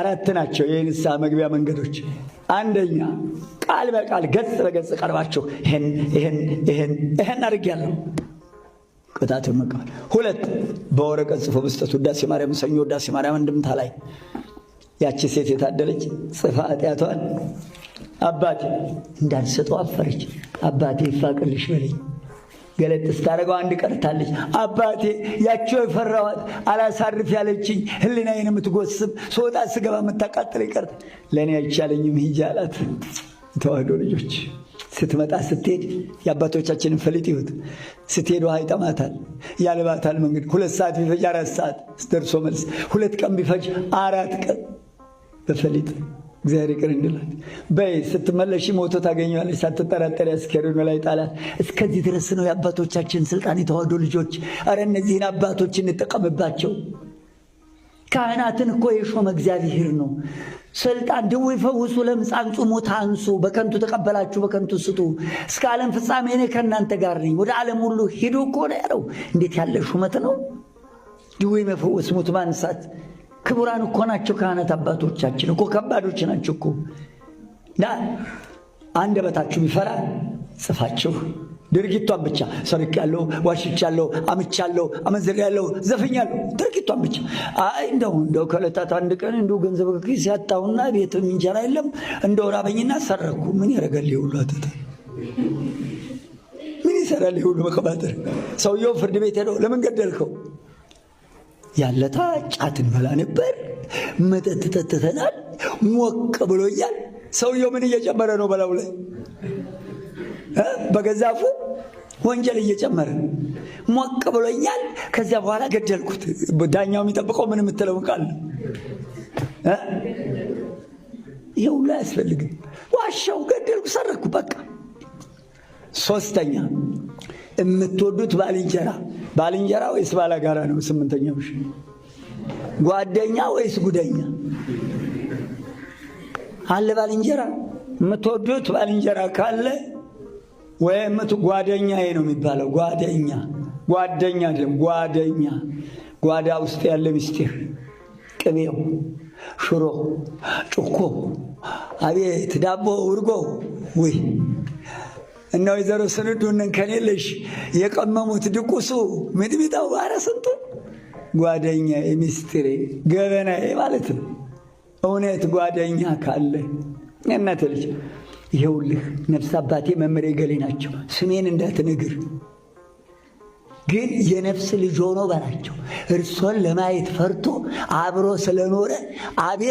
አራት ናቸው የንስሐ መግቢያ መንገዶች። አንደኛ ቃል በቃል ገጽ በገጽ ቀርባችሁ ይህን ይህን ይህን ይህን አድርጌያለሁ ቅጣትን መቀበል። ሁለት በወረቀት ጽፎ መስጠት። ውዳሴ ማርያም ሰኞ ውዳሴ ማርያም እንድምታ ላይ ያቺ ሴት የታደለች ጽፋ ኃጢአቷን አባቴ እንዳልሰጠው አፈረች። አባቴ ይፋቅልሽ በለኝ ገለጥ ስታደርገው አንድ ቀርታለች። አባቴ ያቸው የፈራዋት አላሳርፍ ያለችኝ ህሊናዬን የምትጎስብ ሶወጣ ስገባ የምታቃጥል ይቀርት ለእኔ አይቻለኝም ሂጂ አላት። ልጆች ስትመጣ ስትሄድ የአባቶቻችንን ፈሊጥ ይሁት ስትሄድ ውሃ ይጠማታል፣ ያልባታል። መንገድ ሁለት ሰዓት ቢፈጅ አራት ሰዓት ደርሶ መልስ፣ ሁለት ቀን ቢፈጅ አራት ቀን በፈሊጥ እግዚአብሔር ይቅር እንድላት በይ። ስትመለሽ ሞቶ ታገኘዋለች። ሳትጠራጠር አስከሬኑ ላይ ጣላት። እስከዚህ ድረስ ነው የአባቶቻችን ስልጣን። የተዋህዶ ልጆች፣ አረ እነዚህን አባቶች እንጠቀምባቸው። ካህናትን እኮ የሾመ እግዚአብሔር ነው። ስልጣን ድው ይፈውሱ፣ ለምጻም ጹሙ፣ ታንሱ፣ በከንቱ ተቀበላችሁ፣ በከንቱ ስጡ፣ እስከ ዓለም ፍጻሜ እኔ ከእናንተ ጋር ነኝ፣ ወደ ዓለም ሁሉ ሂዱ እኮ ነው ያለው። እንዴት ያለ ሹመት ነው! ድው መፈወስ፣ ሙት ማንሳት ክቡራን እኮ ናቸው ካህናት አባቶቻችን እኮ ከባዶች ናቸው እኮ አንድ በታችሁ ቢፈራ ጽፋችሁ ድርጊቷን ብቻ ያለው ዋሽቻለሁ፣ ያለው አመንዝሬያለሁ፣ ዘፍኛለሁ። ድርጊቷን ብቻ አይ እንደው እንደው ከዕለታት አንድ ቀን እንደው ገንዘብ ከኪስ ቤት እንጀራ የለም እንደው ራበኝና ሰረኩ። ምን ያደርጋል ሁሉ አተታ ምን ይሰራል ሁሉ መቀባጠር። ሰውየው ፍርድ ቤት ሄደው ለምን ገደልከው ያለታ ጫት እንበላ ነበር፣ መጠጥ ጠጥተናል፣ ሞቅ ብሎኛል። ሰውየው ምን እየጨመረ ነው? በላው ላይ በገዛፉ ወንጀል እየጨመረ ሞቅ ብሎኛል። ከዚያ በኋላ ገደልኩት። ዳኛው የሚጠብቀው ምን የምትለው ቃል ነው? ይህ ሁሉ አያስፈልግም። ዋሻው ገደልኩ፣ ሰረኩ፣ በቃ ሶስተኛ የምትወዱት ባልንጀራ ባልንጀራ ወይስ ባላጋራ ነው? ስምንተኛው ሺ ጓደኛ ወይስ ጉደኛ አለ? ባልንጀራ የምትወዱት ባልንጀራ ካለ ወይም ጓደኛዬ ነው የሚባለው። ጓደኛ ጓደኛ አይደለም፣ ጓደኛ ጓዳ ውስጥ ያለ ምስጢር ቅቤው፣ ሽሮ፣ ጭኮ፣ አቤት ዳቦ፣ ውርጎ ወይ እና ወይዘሮ ስንዱ እንን ከሌለሽ የቀመሙት ድቁሱ ሚጥሚጣው ባረ ስንቱ ጓደኛ ሚስጥሬ ገበናዬ ማለት ነው። እውነት ጓደኛ ካለ እናት ልጅ ይኸውልህ፣ ነፍስ አባቴ መምሬ ገሌ ናቸው ስሜን እንዳትነግር ግን የነፍስ ልጅ ሆኖ በላቸው። እርሶን ለማየት ፈርቶ አብሮ ስለኖረ አቤት